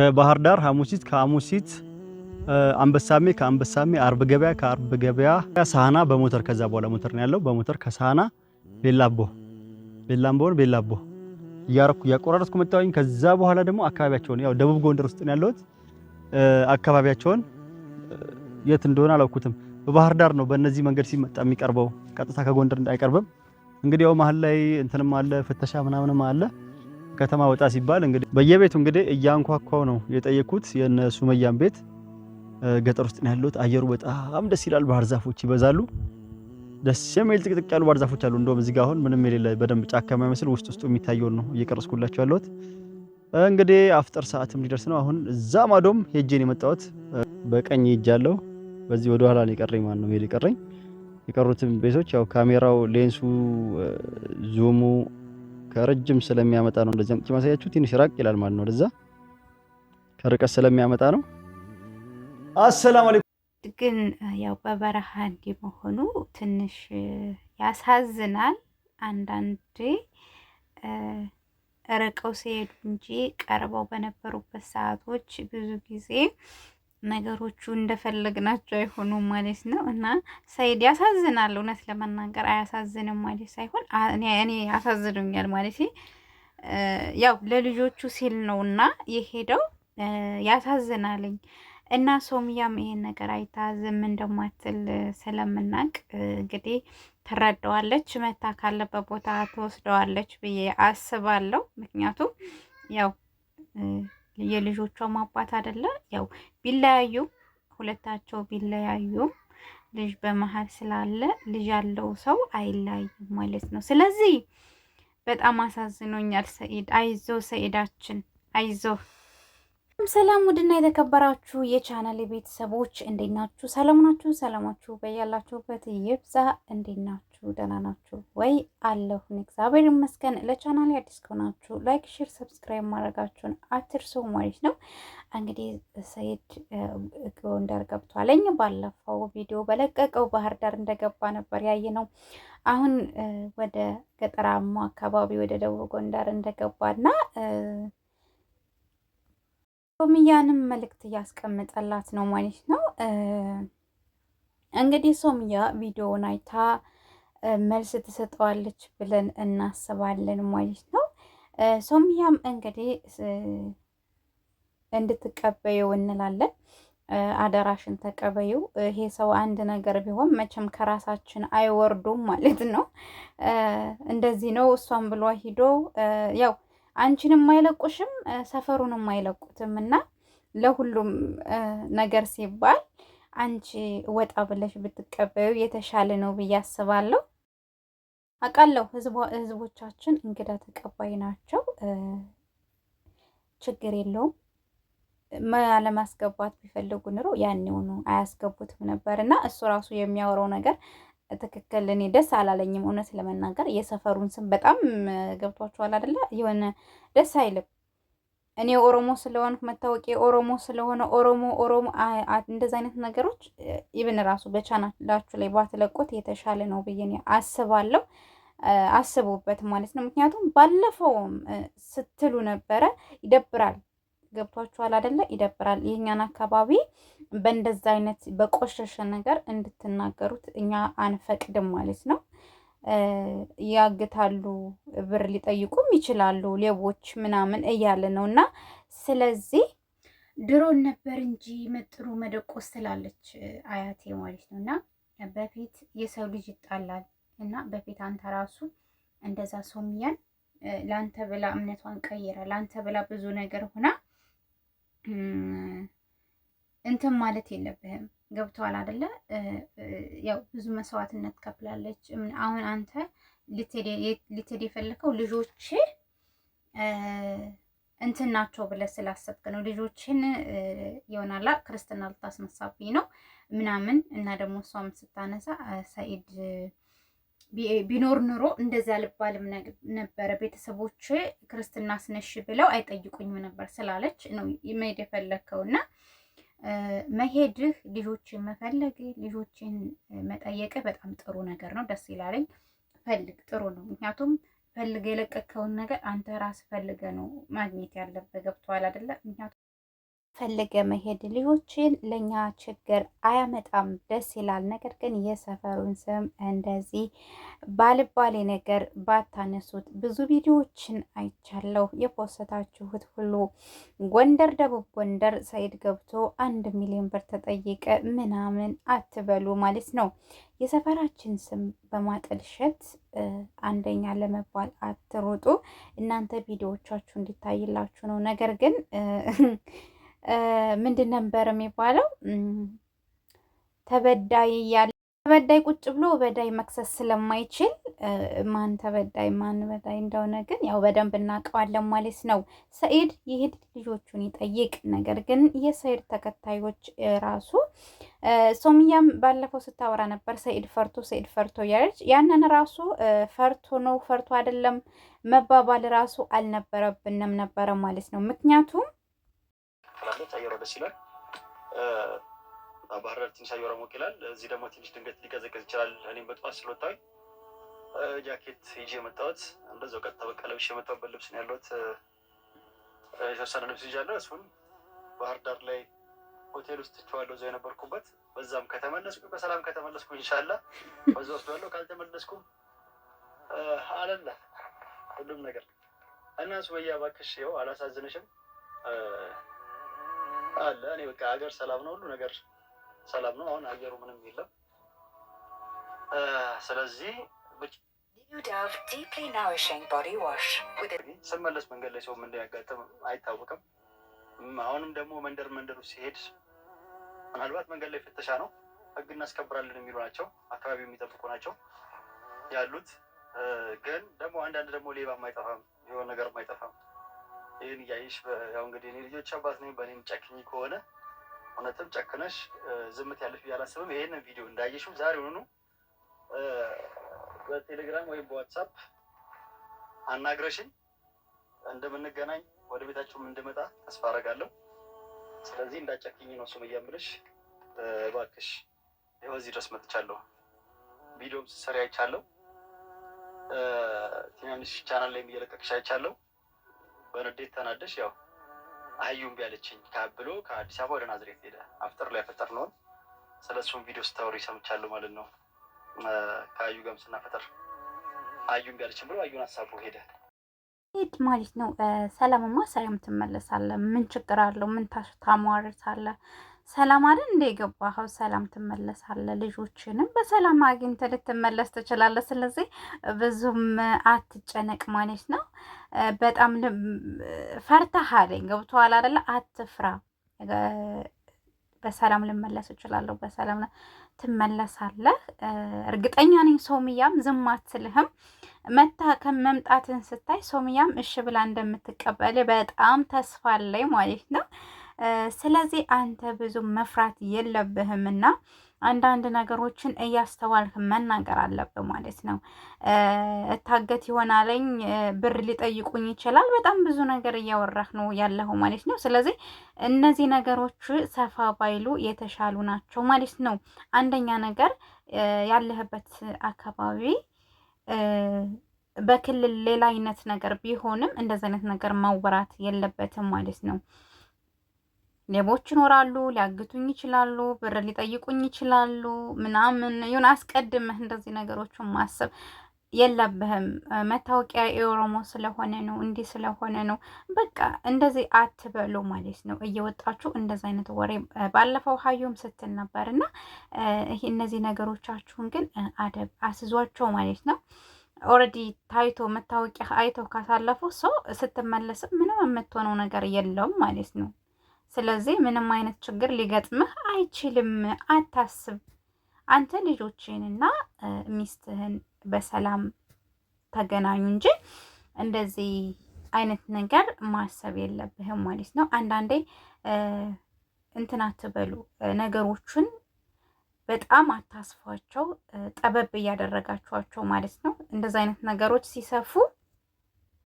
ከባህር ዳር ሐሙሲት፣ ከሐሙሲት አንበሳሜ፣ ከአንበሳሜ አርብ ገበያ፣ ከአርብ ገበያ ሳህና በሞተር ከዛ በኋላ ሞተር ነው ያለው። በሞተር ከሳህና ቤላቦ፣ ቤላምቦን፣ ቤላቦ እያረኩ እያቆራረጥኩ መጣሁኝ። ከዛ በኋላ ደግሞ አካባቢያቸውን ያው ደቡብ ጎንደር ውስጥ ነው ያለሁት። አካባቢያቸውን የት እንደሆነ አላውኩትም። በባህር ዳር ነው በእነዚህ መንገድ ሲመጣ የሚቀርበው፣ ቀጥታ ከጎንደር አይቀርብም። እንግዲህ ያው መሀል ላይ እንትንም አለ ፍተሻ ምናምንም አለ። ከተማ ወጣ ሲባል እንግዲህ በየቤቱ እንግዲህ እያንኳኳው ነው የጠየኩት። የነ ሱመያን ቤት ገጠር ውስጥ ነው ያለሁት። አየሩ በጣም ደስ ይላል። ባህር ዛፎች ይበዛሉ። ደስ የሚል ጥቅጥቅ ያሉ ባህር ዛፎች አሉ። እንደውም እዚህ ጋር አሁን ምንም የሌለ በደንብ ጫካ የማይመስል ውስጥ ውስጡ የሚታየውን ነው እየቀረስኩላቸው ያለሁት። እንግዲህ አፍጠር ሰዓትም ሊደርስ ነው። አሁን እዛ ማዶም ሄጄን የመጣሁት በቀኝ ሄጃለሁ። በዚህ ወደ ኋላ የቀረኝ ማን ነው የቀረኝ የቀሩትም ቤቶች ያው ካሜራው ሌንሱ ዙሙ ከረጅም ስለሚያመጣ ነው። እንደዚህ አምጥቼ ማሳያችሁ ትንሽ ራቅ ይላል ማለት ነው። ወደዛ ከርቀት ስለሚያመጣ ነው። አሰላሙ አለይኩም። ግን ያው በበረሃ እንዲህ መሆኑ ትንሽ ያሳዝናል። አንዳንዴ ርቀው ሲሄዱ እንጂ ቀርበው በነበሩበት ሰዓቶች ብዙ ጊዜ ነገሮቹ እንደፈለግናቸው አይሆኑም ማለት ነው። እና ሰኢድ ያሳዝናል። እውነት ለመናገር አያሳዝንም ማለት ሳይሆን እኔ ያሳዝኑኛል ማለት ያው ለልጆቹ ሲል ነው እና የሄደው ያሳዝናልኝ። እና ሶምያም ይሄን ነገር አይታ ዝም እንደማትል ስለምናቅ እንግዲህ ትረዳዋለች፣ መታ ካለበት ቦታ ትወስደዋለች ብዬ አስባለሁ። ምክንያቱም ያው የልጆቿም አባት አይደለ? ያው ቢለያዩ ሁለታቸው ቢለያዩ ልጅ በመሀል ስላለ ልጅ ያለው ሰው አይለያይም ማለት ነው። ስለዚህ በጣም አሳዝኖኛል ሰኢድ። አይዞ ሰኢዳችን አይዞ ሰላም ውድና የተከበራችሁ የቻናል ቤተሰቦች እንዴት ናችሁ? ሰላም ናችሁ? ሰላማችሁ በያላችሁበት ይብዛ። እንዴት ናችሁ? ደህና ናችሁ ወይ? አለሁን እግዚአብሔር ይመስገን። ለቻናል አዲስ ከሆናችሁ ላይክ፣ ሼር፣ ሰብስክራይብ ማድረጋችሁን አትርሱ ማለት ነው። እንግዲህ ሰኢድ ጎንደር ገብቷለኝ። ባለፈው ቪዲዮ በለቀቀው ባህር ዳር እንደገባ ነበር ያየ ነው። አሁን ወደ ገጠራማ አካባቢ ወደ ደቡብ ጎንደር እንደገባና ሶምያንም መልእክት እያስቀመጠላት ነው ማለት ነው። እንግዲህ ሶምያ ቪዲዮውን አይታ መልስ ትሰጠዋለች ብለን እናስባለን ማለት ነው። ሶምያም እንግዲህ እንድትቀበየው እንላለን። አደራሽን ተቀበየው። ይሄ ሰው አንድ ነገር ቢሆን መቼም ከራሳችን አይወርዱም ማለት ነው። እንደዚህ ነው እሷን ብሎ ሂዶ ያው አንቺንም አይለቁሽም፣ ሰፈሩንም አይለቁትም። እና ለሁሉም ነገር ሲባል አንቺ ወጣ ብለሽ ብትቀበዩ የተሻለ ነው ብዬ አስባለሁ። አውቃለሁ ህዝቦቻችን እንግዳ ተቀባይ ናቸው። ችግር የለውም። ለማስገባት ቢፈልጉ ኑሮ ያኔውኑ አያስገቡትም ነበር እና እሱ ራሱ የሚያወራው ነገር ትክክል እኔ ደስ አላለኝም። እውነት ለመናገር የሰፈሩን ስም በጣም ገብቷችኋል አይደለ? የሆነ ደስ አይልም። እኔ ኦሮሞ ስለሆንኩ መታወቂያ ኦሮሞ ስለሆነ ኦሮሞ ኦሮሞ እንደዚህ አይነት ነገሮች ይብን ራሱ በቻናላችሁ ላይ ባትለቁት የተሻለ ነው ብዬ አስባለሁ። አስቡበት ማለት ነው። ምክንያቱም ባለፈውም ስትሉ ነበረ። ይደብራል ገብቷችኋል አይደለ? ይደብራል። የእኛን አካባቢ በእንደዛ አይነት በቆሸሸ ነገር እንድትናገሩት እኛ አንፈቅድም ማለት ነው። ያግታሉ፣ ብር ሊጠይቁም ይችላሉ፣ ሌቦች ምናምን እያለ ነው እና ስለዚህ ድሮን ነበር እንጂ መጥሩ መደቆስ ስላለች አያቴ ማለት ነው። እና በፊት የሰው ልጅ ይጣላል እና በፊት አንተ ራሱ እንደዛ ሶምያን ለአንተ ብላ እምነቷን ቀይረ ለአንተ ብላ ብዙ ነገር ሆና እንትን ማለት የለብህም። ገብተዋል አደለ? ያው ብዙ መስዋዕትነት ከፍላለች። አሁን አንተ ልትሄድ የፈለከው ልጆች እንትን ናቸው ብለህ ስላሰብክ ነው። ልጆችን የሆናላ ክርስትና ልታስነሳብኝ ነው ምናምን እና ደግሞ እሷም ስታነሳ ሰኢድ ቢኖር ኑሮ እንደዚህ አልባልም ነበረ። ቤተሰቦች ክርስትና ስነሽ ብለው አይጠይቁኝም ነበር ስላለች ነው መሄድ የፈለግከው እና መሄድህ ልጆችን መፈለግ ልጆችን መጠየቅህ በጣም ጥሩ ነገር ነው። ደስ ይላለኝ። ፈልግ፣ ጥሩ ነው። ምክንያቱም ፈልገህ የለቀቅከውን ነገር አንተ ራስ ፈልገ ነው ማግኘት ያለብህ። ገብቶሃል አይደለ? ምክንያቱም ፈልገ መሄድ ልጆችን ለእኛ ችግር አያመጣም፣ ደስ ይላል። ነገር ግን የሰፈሩን ስም እንደዚህ ባልባሌ ነገር ባታነሱት። ብዙ ቪዲዮዎችን አይቻለሁ የፖስታችሁት ሁሉ። ጎንደር፣ ደቡብ ጎንደር ሰይድ ገብቶ አንድ ሚሊዮን ብር ተጠየቀ ምናምን አትበሉ ማለት ነው። የሰፈራችን ስም በማጠልሸት አንደኛ ለመባል አትሩጡ። እናንተ ቪዲዮዎቻችሁ እንዲታይላችሁ ነው። ነገር ግን ምንድን ነበር የሚባለው ተበዳይ እያለ ተበዳይ ቁጭ ብሎ በዳይ መክሰስ ስለማይችል ማን ተበዳይ ማን በዳይ እንደሆነ ግን ያው በደንብ እናውቀዋለን ማለት ነው። ሰኢድ ይሄድ ልጆቹን ይጠይቅ። ነገር ግን የሰኢድ ተከታዮች ራሱ ሶምያም ባለፈው ስታወራ ነበር፣ ሰኢድ ፈርቶ ሰኢድ ፈርቶ ያለች ያንን ራሱ ፈርቶ ነው ፈርቶ አይደለም መባባል ራሱ አልነበረብንም ነበረ ማለት ነው ምክንያቱም ትላለች። አየሯ ደስ ይላል። ባህር ዳር ትንሽ አየሯ ሞቅ ይላል። እዚህ ደግሞ ትንሽ ድንገት ሊቀዘቀዝ ይችላል። እኔም በጠዋት ስለወጣሁኝ ጃኬት ይዤ የመጣሁት እንደዛው ቀጥታ በቃ ለብሼ የመጣሁበት ልብስ ነው ያለሁት። የተወሰነ ልብስ ይዣለሁ። እሱን ባህር ዳር ላይ ሆቴል ውስጥ ትቼዋለሁ እዛው የነበርኩበት። በዛም ከተመለስኩ በሰላም ከተመለስኩ እንሻላ በዛ ያለው ካልተመለስኩም አለለ ሁሉም ነገር እና ሱመያ እባክሽ ይኸው አላሳዝንሽም። አለ። እኔ በቃ ሀገር ሰላም ነው፣ ሁሉ ነገር ሰላም ነው። አሁን አየሩ ምንም የለም። ስለዚህ ስመለስ መንገድ ላይ ሰው ምንድን ያጋጥም አይታወቅም። አሁንም ደግሞ መንደር መንደሩ ሲሄድ ምናልባት መንገድ ላይ ፍተሻ ነው፣ ህግ እናስከብራለን የሚሉ ናቸው፣ አካባቢ የሚጠብቁ ናቸው ያሉት። ግን ደግሞ አንዳንድ ደግሞ ሌባ አይጠፋም፣ የሆነ ነገር አይጠፋም። ይህን እያየሽ ያው እንግዲህ እኔ ልጆች አባት ነኝ፣ በእኔም ጨክኝ ከሆነ እውነትም ጨክነሽ ዝምት ያለሽ ብዬ አላስብም። ይህንን ቪዲዮ እንዳየሽው ሆኑ በቴሌግራም ወይም በዋትሳፕ አናግረሽኝ እንደምንገናኝ ወደ ቤታችሁም እንድመጣ ተስፋ አደርጋለሁ። ስለዚህ እንዳጨክኝ ነው እሱም እያምልሽ እባክሽ ይኸው እዚህ ድረስ መጥቻለሁ። ቪዲዮም ስሰሪ አይቻለሁ። ትናንሽ ቻናል ላይም እየለቀቅሽ አይቻለሁ። በንዴት ተናደሽ ያው አዩም ቢያለችኝ ብሎ ከአዲስ አበባ ወደ ናዝሬት ሄደ። አፍጠር ላይ ፈጠር ነውን ስለ እሱም ቪዲዮ ስታወሪ ሰምቻለሁ ማለት ነው። ከአዩ ጋርም ስናፈጠር አዩም ቢያለችኝ ብሎ አዩን አሳቦ ሄደ ሄድ ማለት ነው። ሰላምማ ሳይም ትመለሳለ። ምን ችግር አለው? ምን ታሟርታለህ? ሰላም አለ እንደ የገባኸው ሰላም ትመለሳለህ። ልጆችንም በሰላም አግኝተህ ልትመለስ ትችላለህ። ስለዚህ ብዙም አትጨነቅ ማለት ነው። በጣም ፈርተህ አለኝ ገብቶሃል አይደለ? አትፍራ። በሰላም ልመለስ እችላለሁ። በሰላም ትመለሳለህ። እርግጠኛ ነኝ። ሶምያም ዝም አትልህም። መታ ከመምጣትን ስታይ ሶምያም እሺ ብላ እንደምትቀበል በጣም ተስፋ አለኝ ማለት ነው። ስለዚህ አንተ ብዙ መፍራት የለብህም እና አንዳንድ ነገሮችን እያስተዋልክ መናገር አለብህ ማለት ነው። እታገት ይሆናለኝ ብር ሊጠይቁኝ ይችላል። በጣም ብዙ ነገር እያወራህ ነው ያለኸው ማለት ነው። ስለዚህ እነዚህ ነገሮች ሰፋ ባይሉ የተሻሉ ናቸው ማለት ነው። አንደኛ ነገር ያለህበት አካባቢ በክልል ሌላ አይነት ነገር ቢሆንም እንደዚህ አይነት ነገር ማወራት የለበትም ማለት ነው። ሌቦች ይኖራሉ፣ ሊያግቱኝ ይችላሉ፣ ብር ሊጠይቁኝ ይችላሉ ምናምን ይሁን። አስቀድመህ እንደዚህ ነገሮችን ማሰብ የለብህም። መታወቂያ የኦሮሞ ስለሆነ ነው እንዲህ ስለሆነ ነው በቃ እንደዚህ አትበሉ ማለት ነው። እየወጣችሁ እንደዚህ አይነት ወሬ ባለፈው ሀዩም ስትል ነበር እና እነዚህ ነገሮቻችሁን ግን አደብ አስዟቸው ማለት ነው። ኦልሬዲ ታይቶ መታወቂያ አይቶ ካሳለፉ ሰው ስትመለስም ምንም የምትሆነው ነገር የለውም ማለት ነው። ስለዚህ ምንም አይነት ችግር ሊገጥምህ አይችልም፣ አታስብ። አንተ ልጆችህንና ሚስትህን በሰላም ተገናኙ እንጂ እንደዚህ አይነት ነገር ማሰብ የለብህም ማለት ነው። አንዳንዴ እንትን አትበሉ፣ ነገሮቹን በጣም አታስፏቸው፣ ጠበብ እያደረጋችኋቸው ማለት ነው። እንደዚህ አይነት ነገሮች ሲሰፉ